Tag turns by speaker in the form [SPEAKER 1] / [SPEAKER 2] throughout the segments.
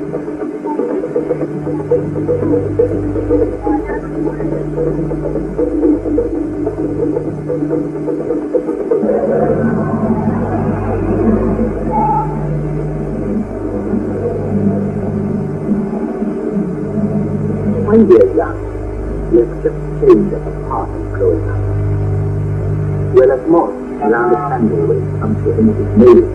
[SPEAKER 1] When we are young, we accept change as a part of growing up. Whereas most will understand the way come to anything new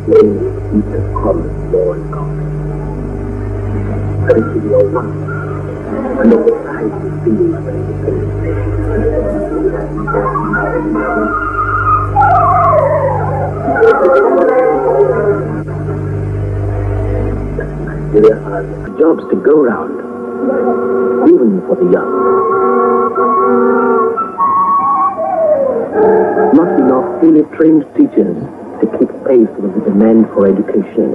[SPEAKER 1] name Lord God. Thank you, Lord I know what I have There are jobs to go round, even for the young. Not enough fully trained teachers to keep face of the demand for education.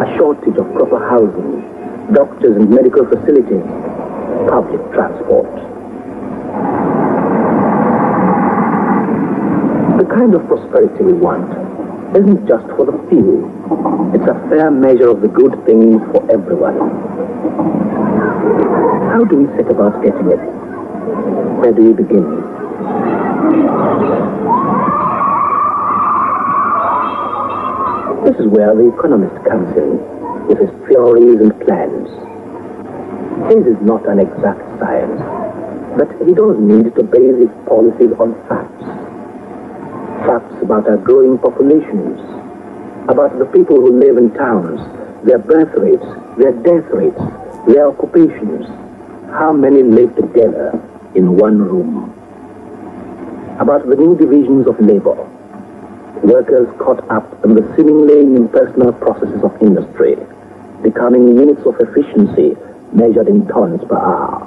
[SPEAKER 1] A shortage of proper housing, doctors and medical facilities, public transport. The kind of prosperity we want isn't just for the few. It's a fair measure of the good things for everyone. How do we set about getting it? Where do we begin? This is where the economist comes in, with his theories and plans. His is not an exact science, but he does need to base his policies on facts. Facts about our growing populations, about the people who live in towns, their birth rates, their death rates, their occupations, how many live together in one room, about the new divisions of labor, workers caught up in the seemingly impersonal processes of industry, becoming units of efficiency measured in tons per hour.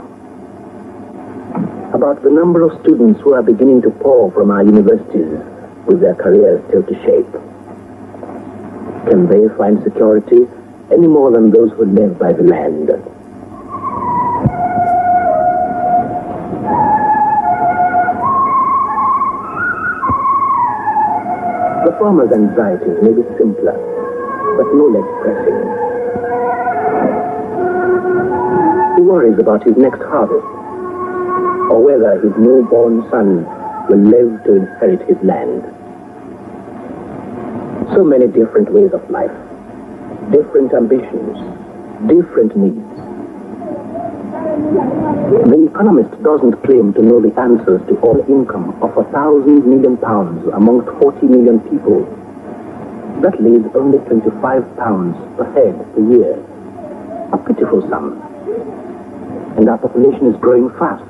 [SPEAKER 1] About the number of students who are beginning to pour from our universities with their careers still to shape. Can they find security any more than those who live by the land? farmer's anxieties may be simpler, but no less pressing. He worries about his next harvest, or whether his newborn son will live to inherit his land. So many different ways of life, different ambitions, different needs. The economist doesn't claim to know the answers to all income of a thousand million pounds amongst 40 million people. That leaves only 25 pounds per head per year. A pitiful sum. And our population is growing fast.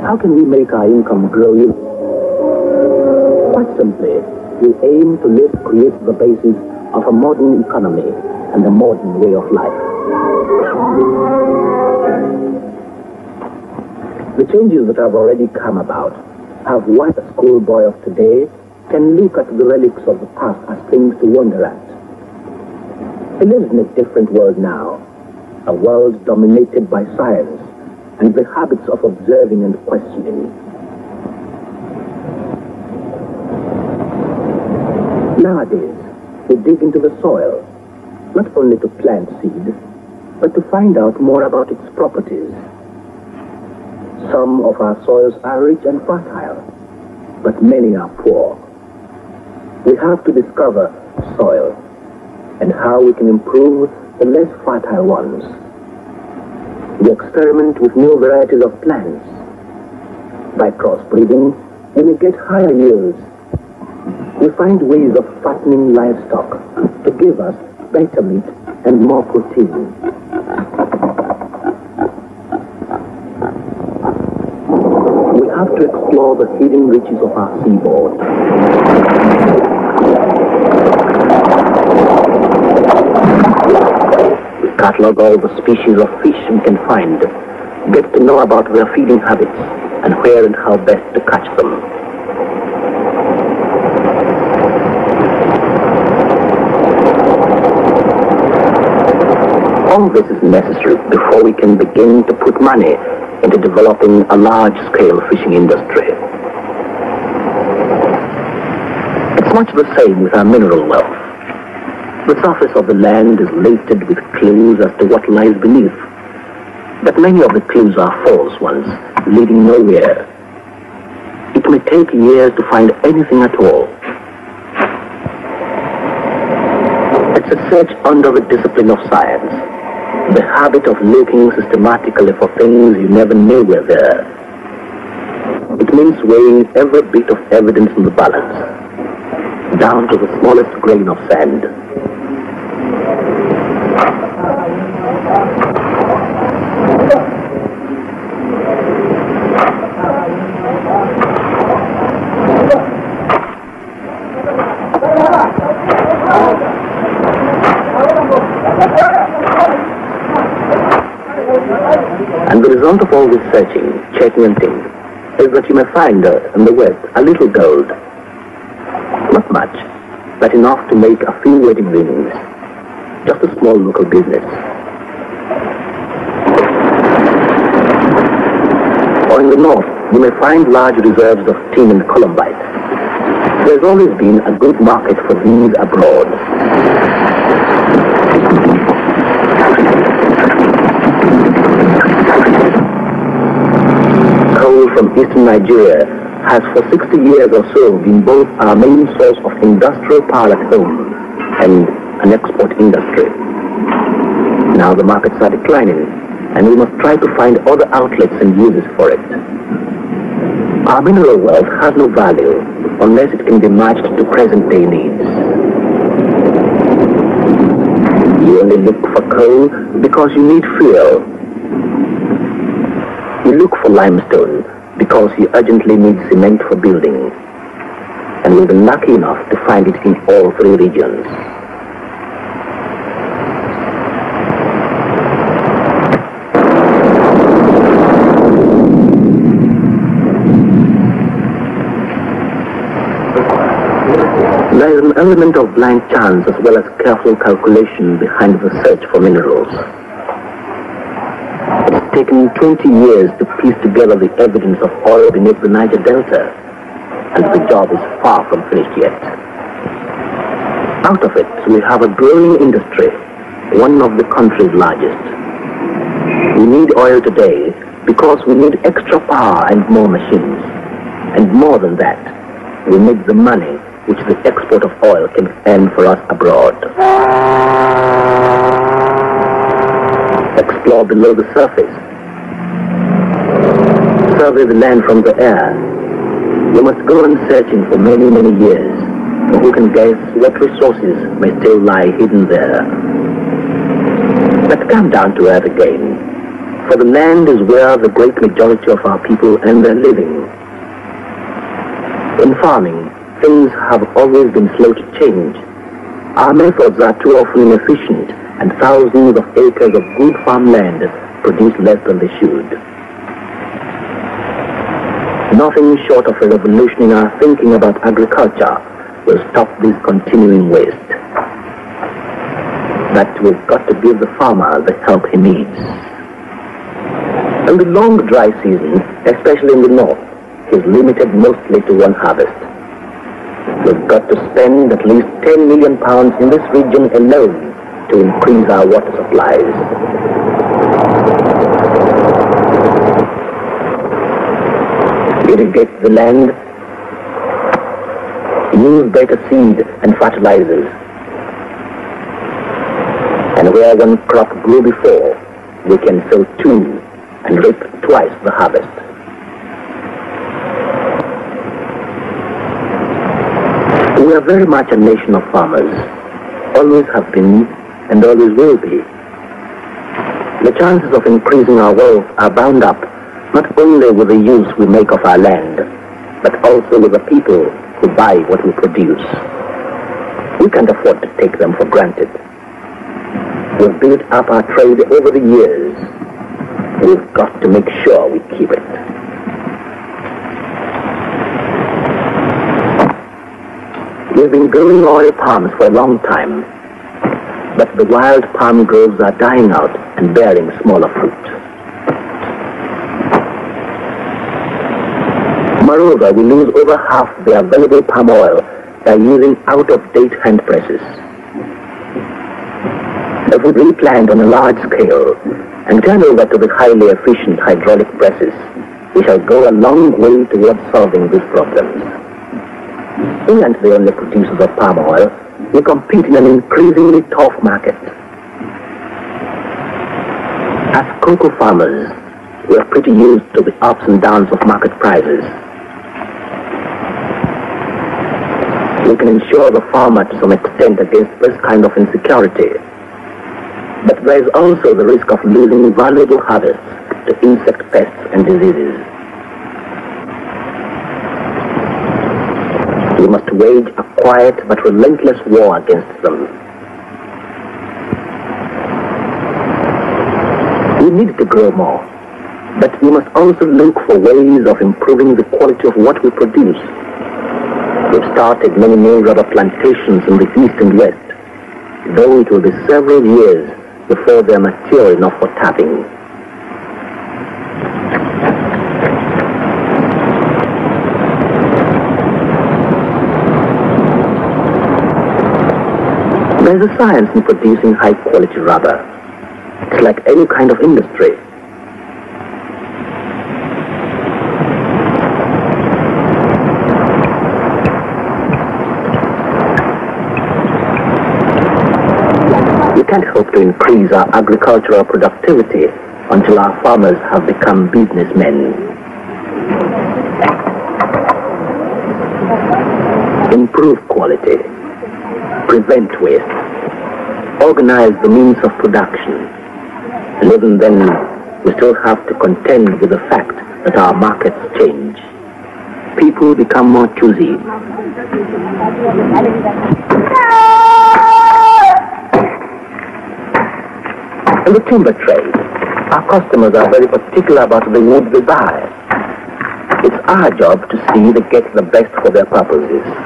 [SPEAKER 1] How can we make our income grow Quite simply, we aim to live, create the basis of a modern economy and a modern way of life. The changes that have already come about have what a schoolboy of today can look at the relics of the past as things to wonder at. He lives in a different world now, a world dominated by science and the habits of observing and questioning. Nowadays, we dig into the soil, not only to plant seed, but to find out more about its properties some of our soils are rich and fertile, but many are poor. We have to discover soil and how we can improve the less fertile ones. We experiment with new varieties of plants. By crossbreeding, we may get higher yields. We find ways of fattening livestock to give us better meat and more protein. explore the hidden riches of our seaboard. We catalog all the species of fish we can find, get to know about their feeding habits, and where and how best to catch them. All this is necessary before we can begin to put money into developing a large-scale fishing industry. It's much the same with our mineral wealth. The surface of the land is littered with clues as to what lies beneath. But many of the clues are false ones, leading nowhere. It may take years to find anything at all. It's a search under the discipline of science the habit of looking systematically for things you never knew were there. It means weighing every bit of evidence in the balance, down to the smallest grain of sand. amount of all this searching, checking and things is that you may find in the West a little gold. Not much, but enough to make a few wedding rings. Just a small local business. Or in the North, you may find large reserves of tin and columbite. There's always been a good market for these abroad. from eastern Nigeria has for 60 years or so been both our main source of industrial power at home and an export industry. Now the markets are declining and we must try to find other outlets and uses for it. Our mineral wealth has no value unless it can be matched to present day needs. You only look for coal because you need fuel. You look for limestone because he urgently needs cement for building and will be lucky enough to find it in all three regions. There is an element of blind chance as well as careful calculation behind the search for minerals taken 20 years to piece together the evidence of oil beneath the Niger Delta, and the job is far from finished yet. Out of it, we have a growing industry, one of the country's largest. We need oil today because we need extra power and more machines. And more than that, we need the money which the export of oil can earn for us abroad explore below the surface. Survey the land from the air. You must go on searching for many, many years. For who can guess what resources may still lie hidden there? But come down to earth again. For the land is where the great majority of our people earn their living. In farming, things have always been slow to change. Our methods are too often inefficient and thousands of acres of good farmland produce less than they should. Nothing short of a revolution in our thinking about agriculture will stop this continuing waste. But we've got to give the farmer the help he needs. In the long dry season, especially in the north, is limited mostly to one harvest. We've got to spend at least 10 million pounds in this region alone to increase our water supplies. Irrigate the land, use better seed and fertilizers. And where one crop grew before, we can sow two and reap twice the harvest. We are very much a nation of farmers, always have been and always will be. The chances of increasing our wealth are bound up not only with the use we make of our land, but also with the people who buy what we produce. We can't afford to take them for granted. We've built up our trade over the years. We've got to make sure we keep it. We've been growing oil palms for a long time but the wild palm groves are dying out and bearing smaller fruit. Moreover, we lose over half the available palm oil by using out-of-date hand presses. If we replant on a large scale and turn over to the highly efficient hydraulic presses, we shall go a long way towards solving this problem. England, the only producers of palm oil, we compete in an increasingly tough market. As cocoa farmers, we are pretty used to the ups and downs of market prices. We can insure the farmer to some extent against this kind of insecurity. But there is also the risk of losing valuable harvests to insect pests and diseases. We must wage a quiet but relentless war against them. We need to grow more, but we must also look for ways of improving the quality of what we produce. We've started many new rubber plantations in the east and west, though it will be several years before they are mature enough for tapping. There's a science in producing high-quality rubber. It's like any kind of industry. We can't hope to increase our agricultural productivity until our farmers have become businessmen. Improve quality prevent waste, organize the means of production. And even then, we still have to contend with the fact that our markets change. People become more choosy. In the timber trade, our customers are very particular about the wood they buy. It's our job to see they get the best for their purposes.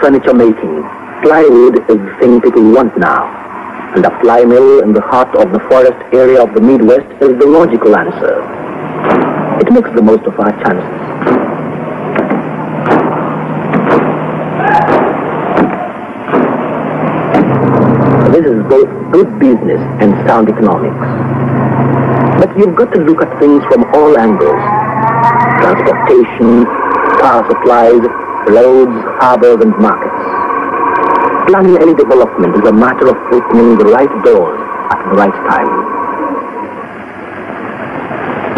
[SPEAKER 1] furniture making, plywood is the thing people want now. And a ply mill in the heart of the forest area of the Midwest is the logical answer. It makes the most of our chances. This is both good business and sound economics. But you've got to look at things from all angles. Transportation, power supplies, roads, harbors, and markets. Planning any development is a matter of opening the right doors at the right time.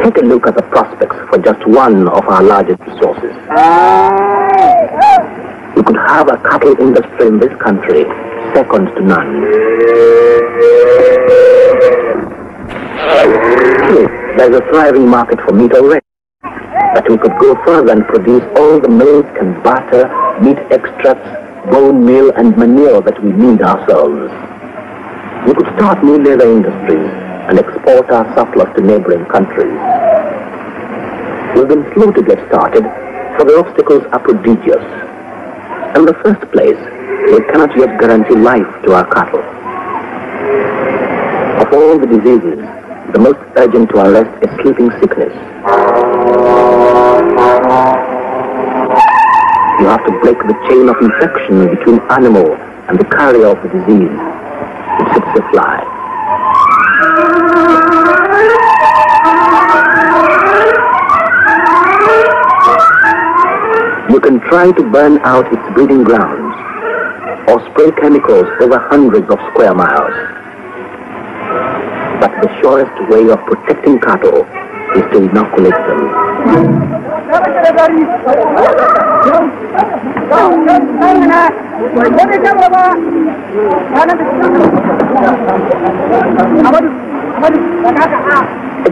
[SPEAKER 1] Take a look at the prospects for just one of our largest resources. We could have a cattle industry in this country second to none. There's a thriving market for meat already. We could go further and produce all the milk and butter, meat extracts, bone meal and manure that we need ourselves. We could start new leather industries and export our surplus to neighboring countries. We've been slow to get started, for the obstacles are prodigious. In the first place, we cannot yet guarantee life to our cattle. Of all the diseases, the most urgent to arrest is sleeping sickness. You have to break the chain of infection between animal and the carrier of the disease. It's the fly. You can try to burn out its breeding grounds or spray chemicals over hundreds of square miles. But the surest way of protecting cattle is to inoculate them. It's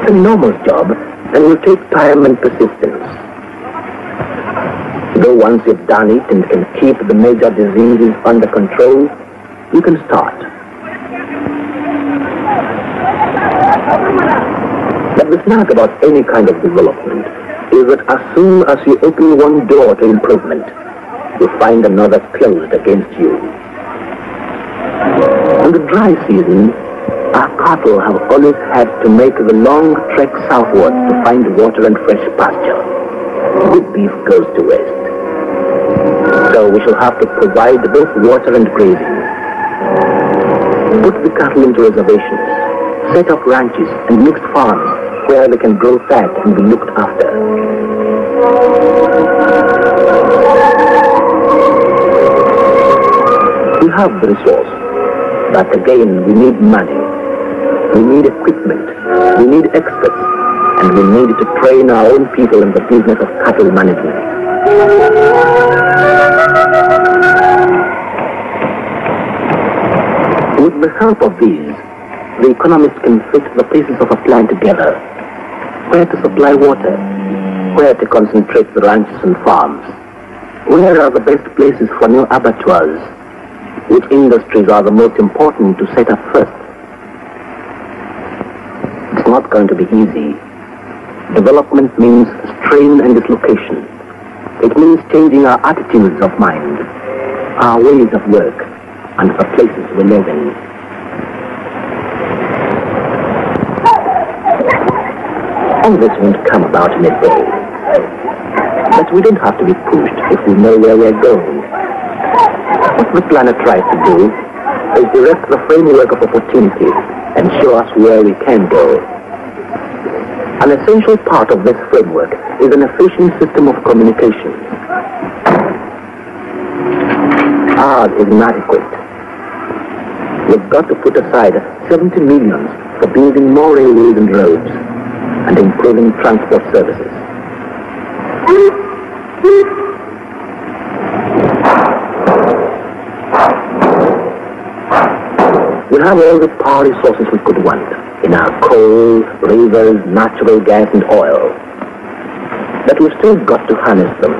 [SPEAKER 1] a normal job and will take time and persistence. Though once you've done it and can keep the major diseases under control, you can start. But the not about any kind of development is that as soon as you open one door to improvement, you find another closed against you. In the dry season, our cattle have always had to make the long trek southward to find water and fresh pasture. Good beef goes to waste. So we shall have to provide both water and grazing. Put the cattle into reservations, set up ranches and mixed farms where they can grow fat and be looked after. We have the resource, but again we need money, we need equipment, we need experts, and we need to train our own people in the business of cattle management. With the help of these, the economists can fit the pieces of a plan together. Where to supply water, where to concentrate the ranches and farms, where are the best places for new abattoirs, which industries are the most important to set up first. It's not going to be easy. Development means strain and dislocation. It means changing our attitudes of mind, our ways of work, and the places we live in. all this won't come about in a day. But we don't have to be pushed if we know where we're going. What the planet tries to do is direct the framework of opportunities and show us where we can go. An essential part of this framework is an efficient system of communication. Ours is inadequate. We've got to put aside 70 millions for building more railways and roads and improving transport services. We have all the power resources we could want in our coal, rivers, natural gas and oil. But we've still got to harness them.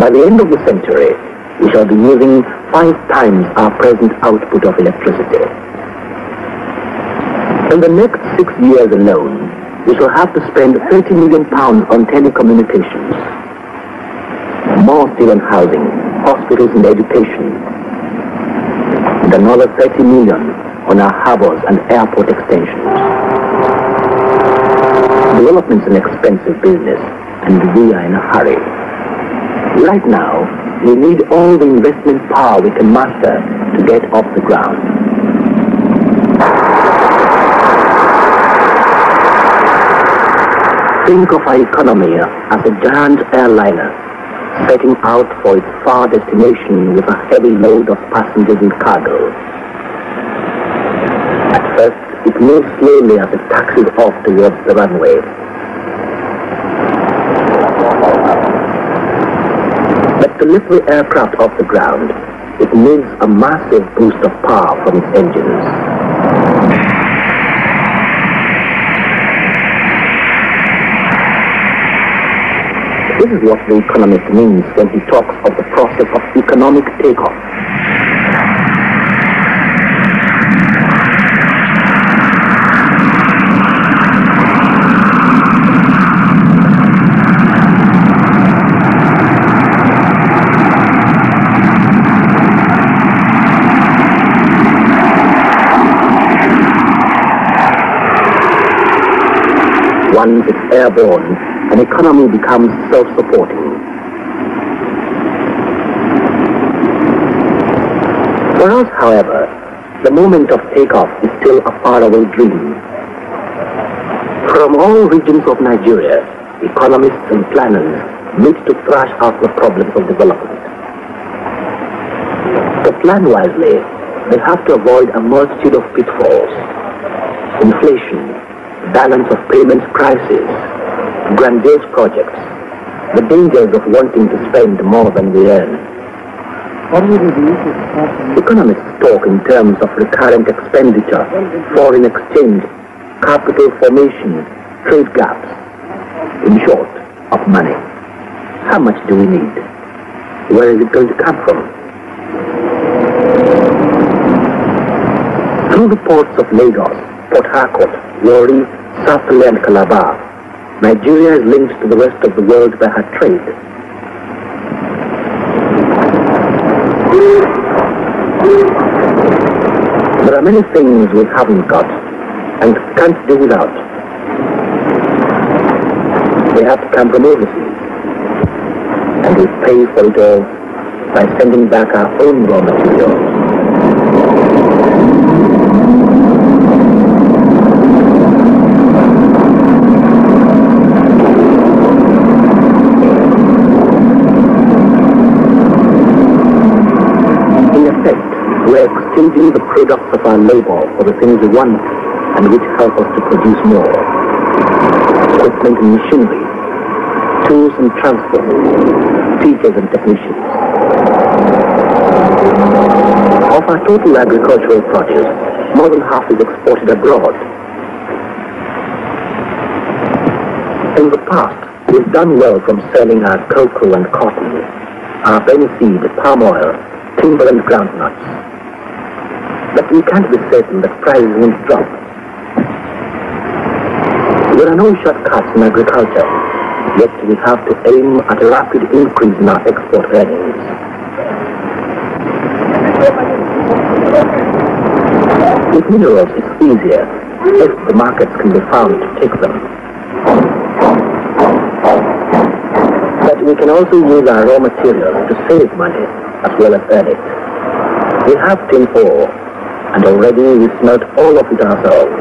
[SPEAKER 1] By the end of the century, we shall be using five times our present output of electricity. In the next six years alone, we shall have to spend 30 million pounds on telecommunications. More still on housing, hospitals and education. And another 30 million on our harbors and airport extensions. Development's an expensive business, and we are in a hurry. Right now, we need all the investment power we can muster to get off the ground. Think of our economy as a giant airliner setting out for its far destination with a heavy load of passengers and cargo. At first, it moves slowly as it taxis off towards the runway. But to lift the aircraft off the ground, it needs a massive boost of power from its engines. This is what the economist means when he talks of the process of economic takeoff. One is airborne an economy becomes self-supporting. For us, however, the moment of takeoff is still a faraway dream. From all regions of Nigeria, economists and planners meet to thrash out the problems of development. To plan wisely, they have to avoid a multitude of pitfalls. Inflation, balance of payments crisis, grandiose projects, the dangers of wanting to spend more than we earn. Economists talk in terms of recurrent expenditure, foreign exchange, capital formation, trade gaps. In short, of money. How much do we need? Where is it going to come from? Through the ports of Lagos, Port Harcourt, Lorry, Safely and Calabar, Nigeria is linked to the rest of the world by her trade. There are many things we haven't got and can't do without. We have to come from overseas. And we pay for it all by sending back our own raw materials. simply the product of our labor or the things we want and which help us to produce more. Equipment and machinery, tools and transport, teachers and technicians. Of our total agricultural produce, more than half is exported abroad. In the past, we've done well from selling our cocoa and cotton, our benny seed, palm oil, timber and groundnuts. But we can't be certain that prices won't drop. There are no shortcuts in agriculture, yet we have to aim at a rapid increase in our export earnings. With minerals, it's easier if the markets can be found to take them. But we can also use our raw materials to save money as well as earn it. We have tin ore and already we smelt all of it ourselves.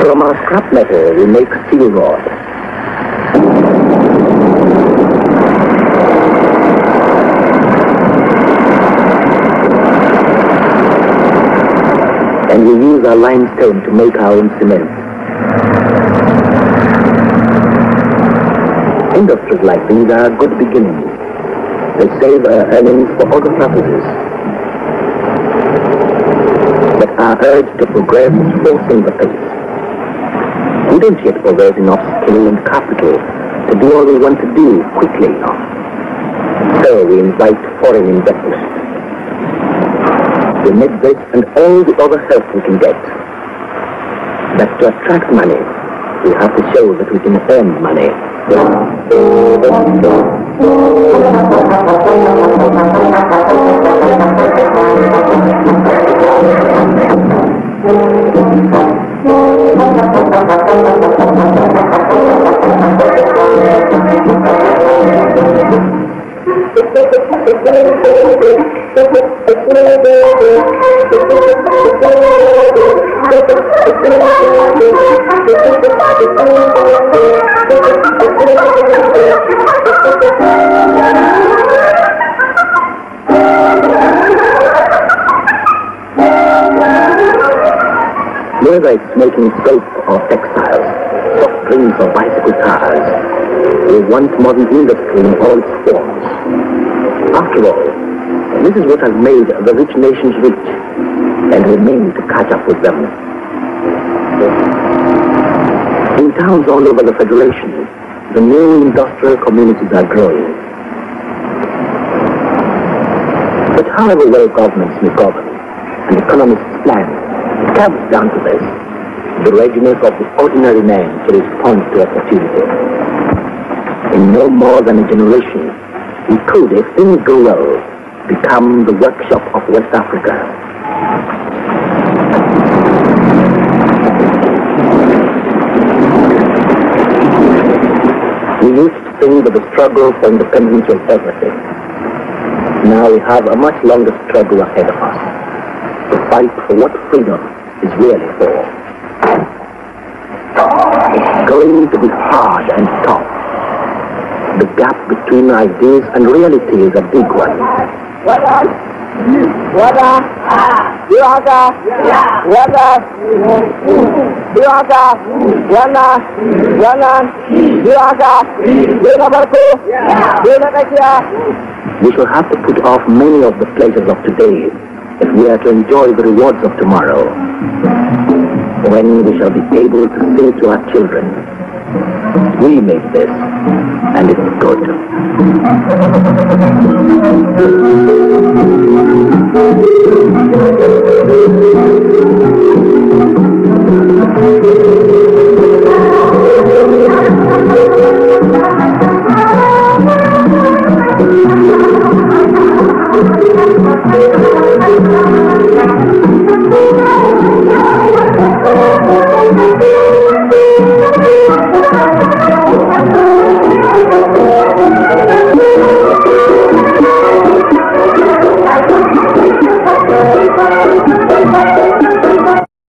[SPEAKER 1] From our scrap metal, we make steel rod. and we use our limestone to make our own cement. Industries like these are good beginnings. They save our uh, earnings for other purposes. But our urge to progress is forcing the pace. We don't yet possess enough skill and capital to do all we want to do quickly enough. So we invite foreign investment. We need this and all the other help we can get. But to attract money, we have to show that we can earn money. Millwrights making soap or textiles, soft drinks or bicycle tires. They want modern industry in all its forms. After all, this is what has made the rich nations rich and remain to catch up with them. towns all over the Federation, the new industrial communities are growing. But however well governments may govern, and economists plan, it comes down to this, the readiness of the ordinary man to respond to opportunity. In no more than a generation, we could, if things go well, become the workshop of West Africa nothing but the struggle and the of everything. Now we have a much longer struggle ahead of us to fight for what freedom is really for. It's going to be hard and tough. The gap between ideas and reality is a big one. What are? What are? Yaka, Yaka, Yana, Yana, Yana Barku, Yana We shall have to put off many of the pleasures of today if we are to enjoy the rewards of tomorrow. When we shall be able to say to our children, we make this, and it's good.